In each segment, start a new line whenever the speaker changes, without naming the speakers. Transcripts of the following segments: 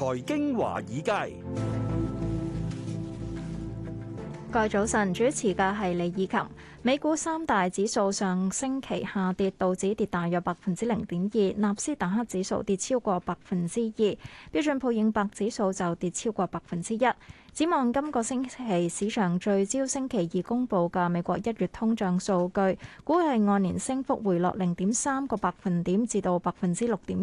財經華爾街。
各位早晨，主持嘅係李以琴。美股三大指數上星期下跌，道指跌大約百分之零點二，納斯達克指數跌超過百分之二，標準普爾五百指數就跌超過百分之一。展望今個星期市場聚焦星期二公布嘅美國一月通脹數據，估計按年升幅回落零點三個百分點至到百分之六點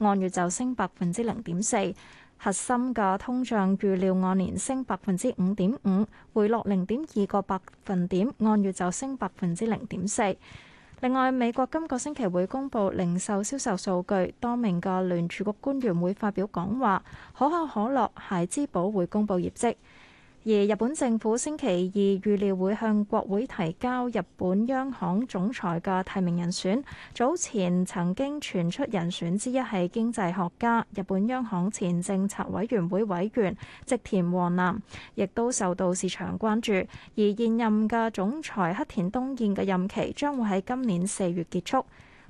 二，按月就升百分之零點四。核心嘅通脹預料按年升百分之五點五，回落零點二個百分點，按月就升百分之零點四。另外，美國今個星期會公佈零售銷售數據，多名嘅聯儲局官員會發表講話，可口可樂、孩之寶會公佈業績。而日本政府星期二預料會向國會提交日本央行總裁嘅提名人選，早前曾經傳出人選之一係經濟學家、日本央行前政策委員會委員植田和男亦都受到市場關注。而現任嘅總裁黑田東彥嘅任期將會喺今年四月結束。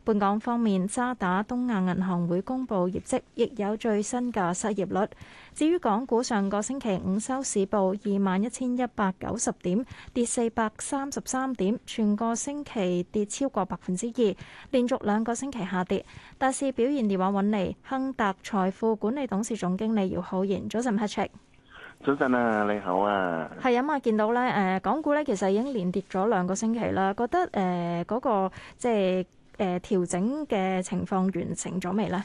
本港方面，渣打、東亞銀行會公布業績，亦有最新嘅失業率。至於港股，上個星期五收市報二萬一千一百九十點，跌四百三十三點，全個星期跌超過百分之二，連續兩個星期下跌。大市表現，電話揾嚟，亨達財富管理董事總經理姚浩然，早晨黑 Sir。
早晨啊，你好啊。
係啊，我見到咧，誒，港股咧其實已經連跌咗兩個星期啦，覺得誒嗰個即係。調整嘅情況完成咗未咧？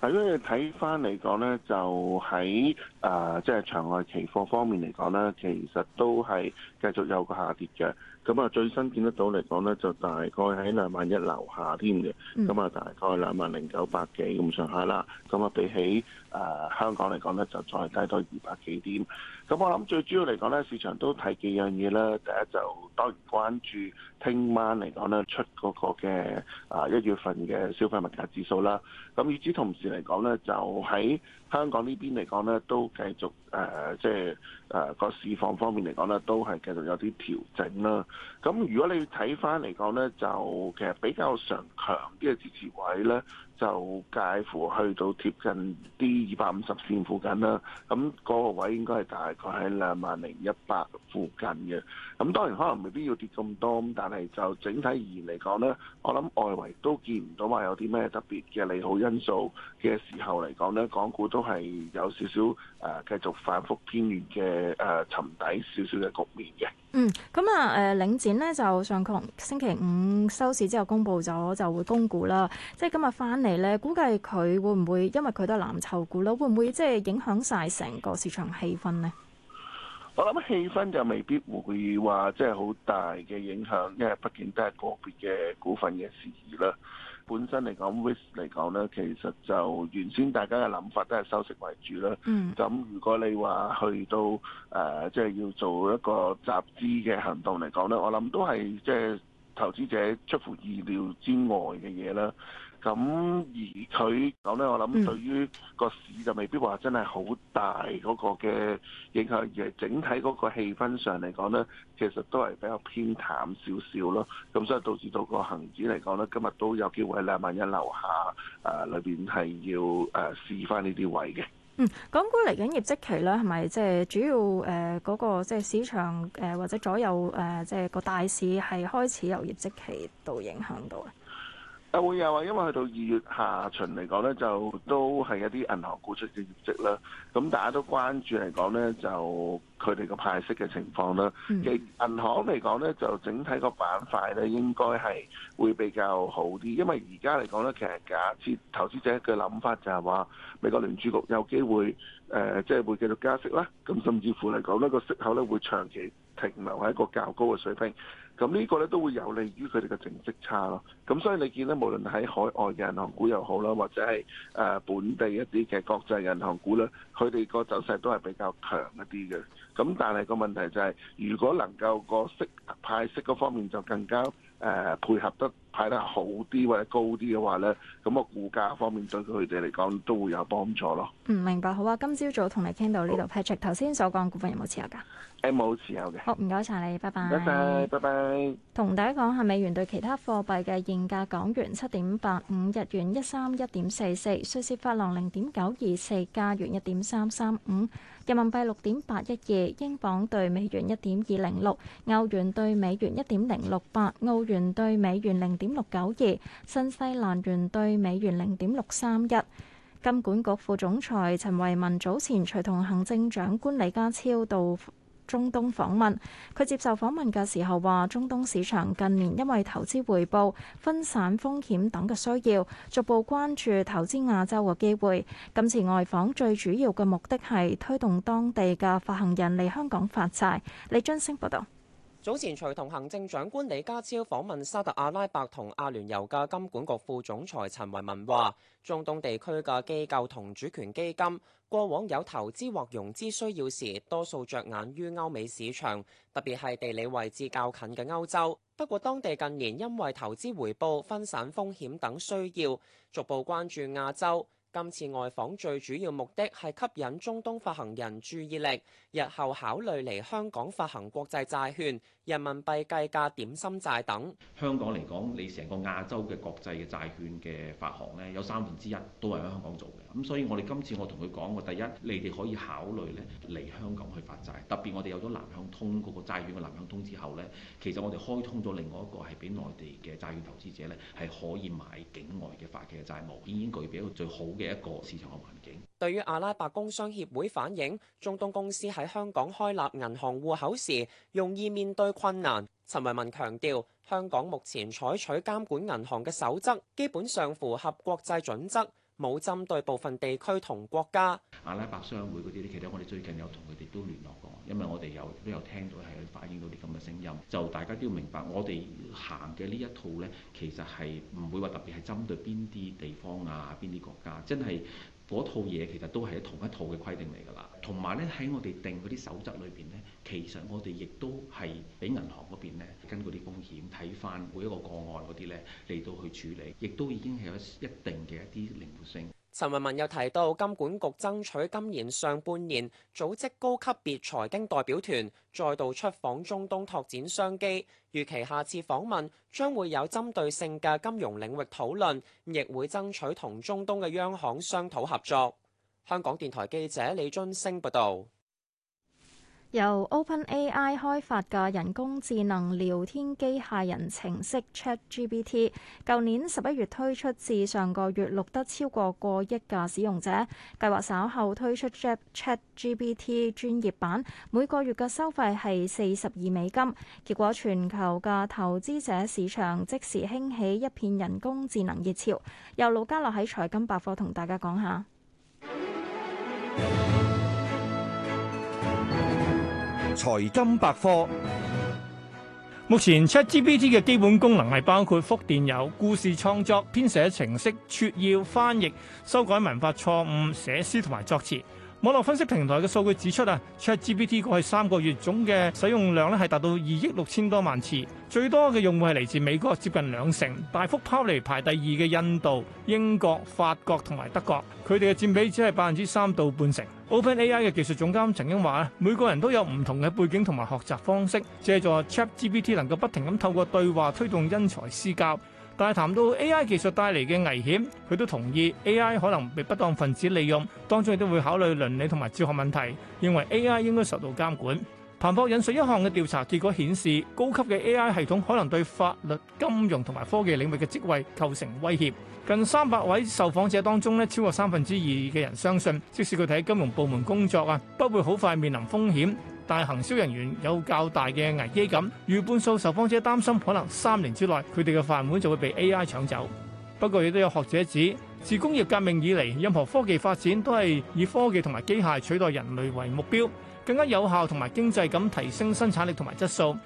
係因為睇翻嚟講咧，就喺啊，即係場外期貨方面嚟講咧，其實都係繼續有個下跌嘅。咁啊，最新見得到嚟講咧，就大概喺兩萬一樓下添嘅。咁啊，大概兩萬零九百幾咁上下啦。咁啊，比起啊香港嚟講咧，就再低多二百幾點。咁我諗最主要嚟講咧，市場都睇幾樣嘢啦。第一就當然關注聽晚嚟講咧出嗰個嘅啊一月份嘅消費物價指數啦。咁與此同時，嚟講咧，就喺香港呢邊嚟講咧，都繼續誒，即係誒個市況方面嚟講咧，都係繼續有啲調整啦、啊。咁如果你睇翻嚟講咧，就其實比較常強啲嘅支持位咧。就介乎去到貼近啲二百五十線附近啦，咁、那、嗰個位應該係大概喺兩萬零一百附近嘅。咁當然可能未必要跌咁多，咁但係就整體而言嚟講咧，我諗外圍都見唔到話有啲咩特別嘅利好因素嘅時候嚟講咧，港股都係有少少誒繼、呃、續反覆偏軟嘅誒沉底少少嘅局面嘅、嗯。
嗯，咁啊誒領展咧就上個星期五收市之後公布咗就會供股啦，嗯、即係今日翻，嚟咧，估計佢會唔會因為佢都係藍籌股咯？會唔會即係影響晒成個市場氣氛呢？
我諗氣氛就未必會話即係好大嘅影響，因為畢竟都係個別嘅股份嘅事宜啦。本身嚟講，會嚟講咧，其實就原先大家嘅諗法都係收息為主啦。咁、嗯、如果你話去到誒，即係要做一個集資嘅行動嚟講咧，我諗都係即係。投資者出乎意料之外嘅嘢啦，咁而佢講咧，我諗對於個市就未必話真係好大嗰個嘅影響，而係整體嗰個氣氛上嚟講咧，其實都係比較偏淡少少咯。咁所以導致到個恒指嚟講咧，今日都有機會係兩萬一樓下，誒裏邊係要誒試翻呢啲位嘅。
嗯，港股嚟緊業績期咧，係咪即係主要誒嗰、呃那個即係、就是、市場誒、呃、或者左右誒即係個大市係開始由業績期度影響到咧？
啊
會有啊，因為去到二月下旬嚟講咧，就都係一啲銀行股出嘅業績啦。咁大家都關注嚟講咧，就佢哋個派息嘅情況啦。其實銀行嚟講咧，就整體個板塊咧應該係會比較好啲，因為而家嚟講咧，其實假設投資者嘅諗法就係話美國聯儲局有機會誒，即係會繼續加息啦。咁甚至乎嚟講呢個息口咧會長期停留喺一個較高嘅水平，咁呢個咧都會有利於佢哋嘅淨息差咯。咁所以你見咧，無論喺海外嘅銀行股又好啦，或者係誒本地一啲嘅國際銀行股咧，佢哋個走勢都係比較強一啲嘅。咁但係個問題就係、是，如果能夠個息派息嗰方面就更加誒配合得，派得好啲或者高啲嘅話呢，咁個股價方面對佢哋嚟講都會有幫助咯。
嗯，明白。好啊，今朝早同你傾到呢度。Patrick 頭先所講股份有冇持有
㗎？誒冇持有嘅。好，
唔該曬你，拜拜。唔該曬，拜
拜。
同大家講下美元對其他貨幣嘅現價：港元七點八五，日元一三一點四四，瑞士法郎零點九二四，加元一點三三五，人民幣六點八一二，英鎊對美元一點二零六，歐元對美元一點零六八，澳元對美元零點點六九二，92，新西蘭元兌美元零點六三一。金管局副總裁陳偉文早前隨同行政長官李家超到中東訪問，佢接受訪問嘅時候話，中東市場近年因為投資回報、分散風險等嘅需要，逐步關注投資亞洲嘅機會。今次外訪最主要嘅目的係推動當地嘅發行人嚟香港發債。李津升報道。
早前隨同行政長官李家超訪問沙特阿拉伯同阿聯酋嘅金管局副總裁陳維民話，中東地區嘅機構同主權基金過往有投資或融資需要時，多數着眼於歐美市場，特別係地理位置較近嘅歐洲。不過當地近年因為投資回報、分散風險等需要，逐步關注亞洲。今次外訪最主要目的係吸引中東發行人注意力，日後考慮嚟香港發行國際債券、人民幣計價點心債等。香港嚟講，你成個亞洲嘅國際嘅債券嘅發行呢，有三分之一都係喺香港做嘅。咁所以我哋今次我同佢講過，第一，你哋可以考慮咧嚟香港去發債，特別我哋有咗南向通嗰個債券嘅南向通之後咧，其實我哋開通咗另外一個係俾內地嘅債券投資者咧，係可以買境外嘅發嘅債務，已經具備一個最好嘅一個市場嘅環境。對於阿拉伯工商協會反映，中東公司喺香港開立銀行戶口時容易面對困難。陳維文強調，香港目前採取監管銀行嘅守則，基本上符合國際準則。冇針對部分地區同國家，阿拉伯商會嗰啲，其實我哋最近有同佢哋都聯絡過，因為我哋有都有聽到係反映到啲咁嘅聲音，就大家都要明白，我哋行嘅呢一套咧，其實係唔會話特別係針對邊啲地方啊、邊啲國家，真係嗰套嘢其實都係同一套嘅規定嚟㗎啦。同埋咧，喺我哋定嗰啲守則裏邊呢，其實我哋亦都係俾銀行嗰邊咧，根據啲風險睇翻每一個個案嗰啲呢，嚟到去處理，亦都已經係有一定嘅一啲靈活性。陳文文又提到，金管局爭取今年上半年組織高級別財經代表團，再度出訪中東拓展商機，預期下次訪問將會有針對性嘅金融領域討論，亦會爭取同中東嘅央行商討合作。香港電台記者李津升報道，
由 OpenAI 開發嘅人工智能聊天機械人程式 ChatGPT，舊年十一月推出，至上個月錄得超過過億嘅使用者。計劃稍後推出 ChatGPT 專業版，每個月嘅收費係四十二美金。結果全球嘅投資者市場即時興起一片人工智能熱潮。由盧嘉樂喺財金百貨同大家講下。
財金百科，目前七 GPT 嘅基本功能係包括覆電郵、故事創作、編寫程式、撮要、翻譯、修改文法錯誤、寫詩同埋作詞。網絡分析平台嘅數據指出啊，ChatGPT 過去三個月總嘅使用量咧係達到二億六千多萬次，最多嘅用戶係嚟自美國，接近兩成，大幅拋離排第二嘅印度、英國、法國同埋德國，佢哋嘅佔比只係百分之三到半成。OpenAI 嘅技術總監曾經話咧，每個人都有唔同嘅背景同埋學習方式，借助 ChatGPT 能夠不停咁透過對話推動因材施教。但係談到 A.I. 技術帶嚟嘅危險，佢都同意 A.I. 可能被不當分子利用，當中亦都會考慮倫理同埋哲學問題，認為 A.I. 應該受到監管。彭博引述一項嘅調查結果顯示，高級嘅 A.I. 系統可能對法律、金融同埋科技領域嘅職位構成威脅。近三百位受訪者當中呢，超過三分之二嘅人相信，即使佢哋喺金融部門工作啊，都會好快面臨風險。但行銷人員有較大嘅危機感。逾半數受訪者擔心，可能三年之內佢哋嘅飯碗就會被 AI 搶走。不過，亦都有學者指，自工業革命以嚟，任何科技發展都係以科技同埋機械取代人類為目標，更加有效同埋經濟咁提升生產力同埋質素。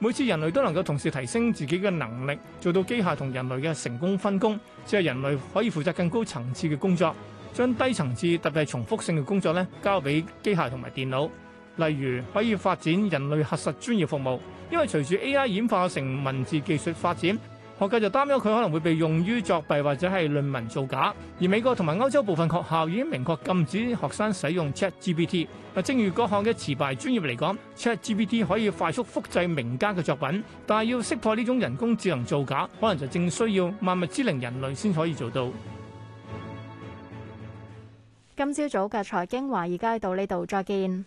每次人類都能夠同時提升自己嘅能力，做到機械同人類嘅成功分工，只係人類可以負責更高層次嘅工作，將低層次特別係重複性嘅工作呢交俾機械同埋電腦。例如可以發展人類核實專業服務，因為隨住 AI 演化成文字技術發展，學界就擔憂佢可能會被用於作弊或者係論文造假。而美國同埋歐洲部分學校已經明確禁止學生使用 ChatGPT。啊，正如各項嘅詞牌專業嚟講，ChatGPT 可以快速複製名家嘅作品，但係要識破呢種人工智能造假，可能就正需要萬物之靈人類先可以做到。
今朝早嘅財經華爾街到呢度再見。